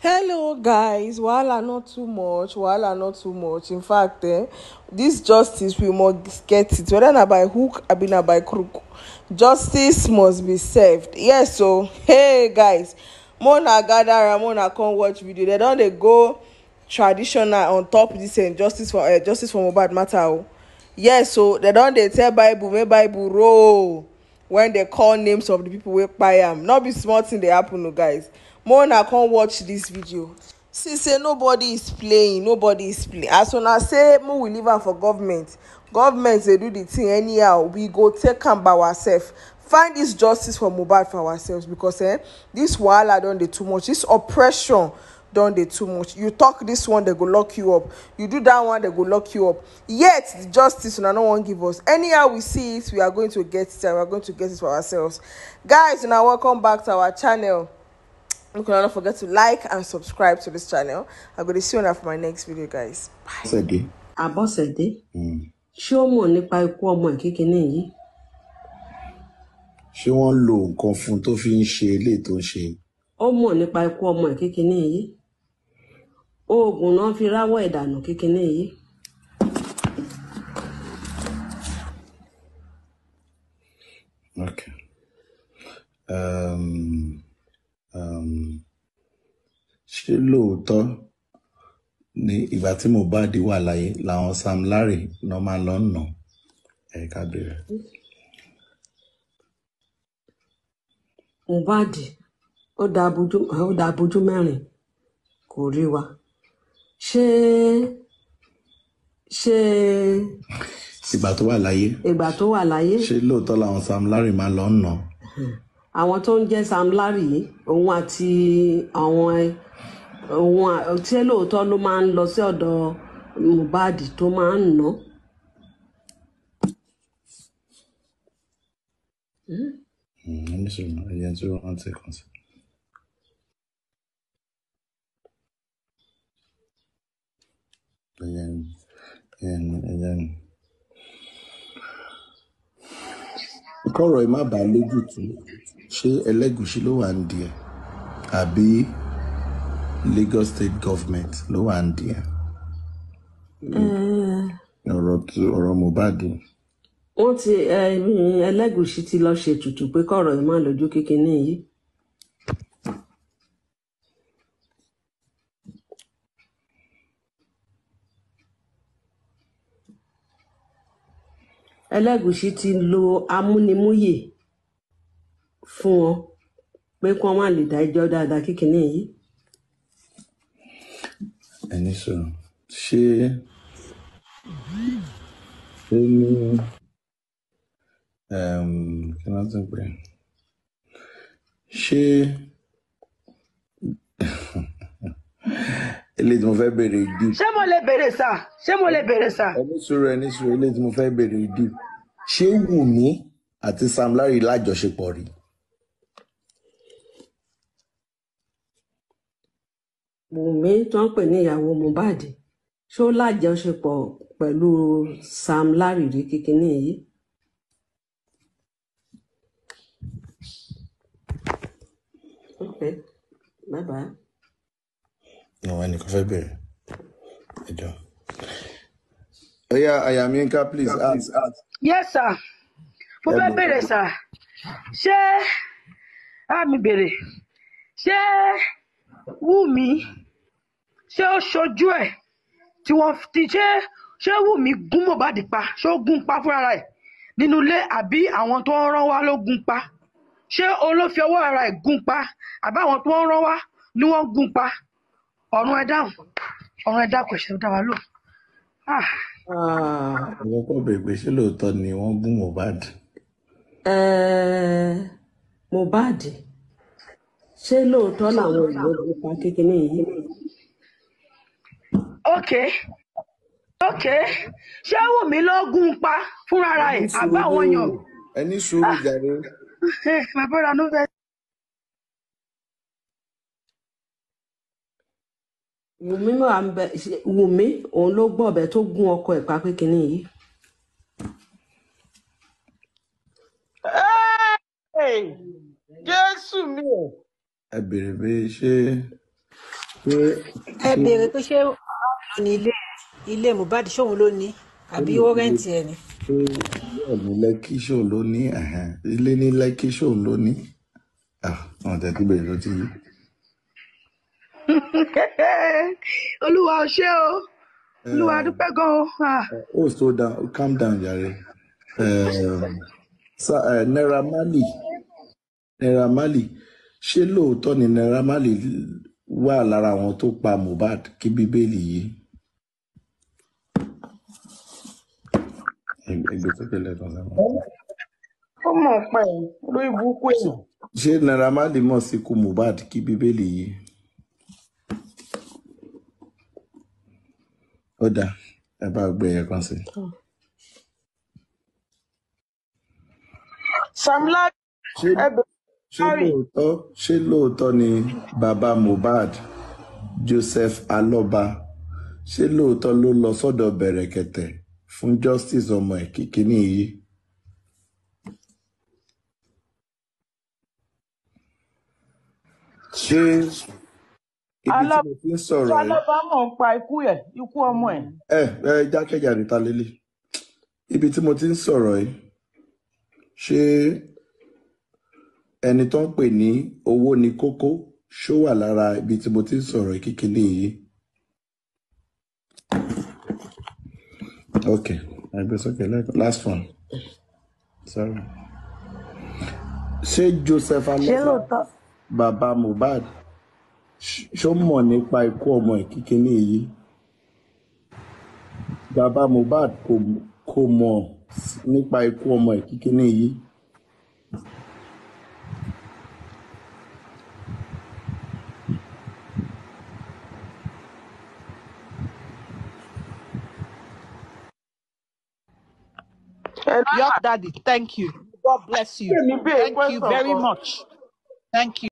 hello guys wahala not too much wahala not too much in fact eh, this justice we must get it whether na by hook abi na by crook justice must be served yes so hey guys mona gather am mona come watch video They don dey go traditional on top this uh, justice for uh, justice for mohbad matter o oh. yes so they don dey tell bible make bible roll. When they call names of the people wey kpai am no be small tin dey happen o guys more una come watch this video see say nobody is playing nobody is playing as una say make we leave am for government government dey do the thing anyhow we go take am by ourselves find this justice for mohbad for ourselves because eh dis wahala don dey too much this oppression don dey too much you talk this one they go lock you up you do that one they go lock you up yet the justice una no wan give us anyhow we see it we are going to get it we are going to get it for ourselves guys una welcome back to our channel make una no forget to like and subscribe to this channel i go dey see una for my next video guys bye. Abosede. Mm. ṣé ó mọ̀ nípa ikú ọmọ ìkékeré yìí. ṣé wọ́n lo nǹkan fún un tó fi ń ṣe eléyìí tó ń ṣe. ó mọ̀ nípa ikú ọmọ ìkékeré yìí oògùn náà fi ráwọ́ ìdànù kékeré yìí. Okay. Um, um, ṣé lóòótọ́ ní ìgbà tí Mohbad wà láyé làwọn Sam Larry náà máa lọ nà ẹ̀ka bèrè. Mohbad ó dá abojú mẹ́rin kò rí wa ṣé ṣé. ìgbà tó wà láyé. ìgbà tó wà láyé. ṣé lóòótọ́ làwọn Sam Larry máa lọ nà. àwọn tó ń jẹ́ Sam Larry òun àti àwọn òun ṣé lóòótọ́ ló máa ń lọ sí ọ̀dọ̀ Mohbad tó máa ń nà. Mm, let me see. I can do one second. Ayan. Ayan. Ayan. Kọ́rọ̀ ẹ má bàa tu Ṣé Ẹlẹ́gùṣí ló wà ń di ẹ̀? Àbí Lagos State Government ló wà ń di ẹ̀? Eh. Ọ̀rọ̀ tí ọ̀rọ̀ Mohbad. Ó ti eh, Ẹlẹ́gùṣí ti lọ ṣètùtù pé kọ́rọ̀ ẹ má lójú kékeré yìí. elégùṣì ti lo amúnimúyè fún wọn pé kí wọ́n má lè dájọ́ dáadáa kíkiní yìí. ẹni sọ̀rọ̀ ṣé ó ní kí wọ́n tún pè é ṣé eléyìí tí mo fẹ́ béèrè ìdí. ṣé mo lè béèrè sà ṣé mo lè béèrè sà. ẹni sọ̀rọ̀ ẹni sọ̀rọ̀ eléyìí tí mo fẹ́ béèrè ìdí. ṣé Wùmí àti Sam Larry lájọṣepọ̀ rí. Wùmí tó ń pè ní ìyàwó Mohbad ṣó lájọṣepọ̀ pẹ̀lú Sam Larry rí kíkiní yìí. Okay, bye bye àwọn ẹnìkan fẹ́ bẹ̀rẹ̀ ẹ jọ. ẹyà ayaminka please ask. yes sir mo fẹ́ bẹ̀rẹ̀ sir ṣé àmì bèrè ṣé Wùmí ṣé ó ṣojú ẹ̀ tí wọ́n ti ṣe ṣé Wùmí gún ba pa ṣé ó gún pa fúnra ẹ̀ nínú ilé àbí àwọn tó ń rán wá ló gún pa ṣé olófin ọwọ́ ara ẹ̀ gún pa àbí àwọn tó ń rán wá ni wọ́n gún pa ọ̀run ẹ dáhùn ọ̀run ẹ dákun ẹ̀ṣẹ̀ dá wa lóhùn. àwọn ah. ah. kò bèbè ṣé lóòótọ́ ni wọ́n bú Mohbad. Eh, Mohbad ṣé lóòótọ́ làwọn ìlú ọdún pa kékeré yìí. ok ok ṣé Wùmí ló gún pa fúnra ẹ̀ àbáwọn yàn. ẹni sùúrù jàre. Ah. Eh, bàbá ra ló fẹ́. wùmí mà ń bẹ wùmí òun ló gbọ́ ọ̀bẹ tó gún ọkọ ẹ̀ pa pé kinní yìí. jésù mi ò. ẹ béèrè pé ṣé. ẹ béèrè pé ṣé ọ̀hún ni ilé ilé Mohbad ṣóun ló ní àbí ó ẹ̀ ni. ọ̀nà lẹ́kí ṣóun ló ní ilé ní lẹ́kí ṣóun ló ní. Ah, ọ̀n tẹ́tí ló ti yí. olúwa ò ṣé o olúwa eh, dúpẹ́ gan o. ó oh, so down calm down jàre eh, eh, Naira Marley Naira Marley ṣé lóòótọ́ ni Naira Marley wà lára àwọn tó pa Mohbad kí bíbélì yìí. ẹgbẹ́ tó kẹlẹ̀ tán sábà. ó mọ̀ ọ́n pa èèyàn. ṣé Naira Marley mọ̀ sí ikú Mohbad kí bíbélì yìí. ó dáa ẹ bá gbé ẹyọ kan sí ṣé lóòótọ́ ni bàbá Mohbad Joseph Aloba ṣé lóòótọ́ ló lọ sọ́dọ̀ bẹ̀rẹ̀kẹ̀tẹ̀ fún justice ọmọ ẹ̀ kíkíní yìí. ṣé ibi tí mo ti ń sọ̀rọ̀ yìí. alábàámọ̀ ń pa ikú ẹ̀ ikú ọmọ ẹ̀. ẹ ẹ jákèjádé ta lélẹ̀ ibi tí mo ti ń sọ̀rọ̀ yìí ṣé ẹni tó ń pè ní owó ni kókó ṣó wà lára ibi tí mo ti ń sọ̀rọ̀ yìí kíkiní yìí. ok àgbẹ̀sọ̀kẹ̀ lẹ́kọ̀ọ́ last one sorry ṣé Joseph Aláfa bàbá Mohbad ṣó mọ̀ nípa ikú ọmọ ẹ̀ kékeré yìí bàbá Mohbad kò mọ̀ nípa ikú ọmọ ẹ̀ kékeré yìí. Your daddy, thank you. God bless you. Thank you very much. Thank you.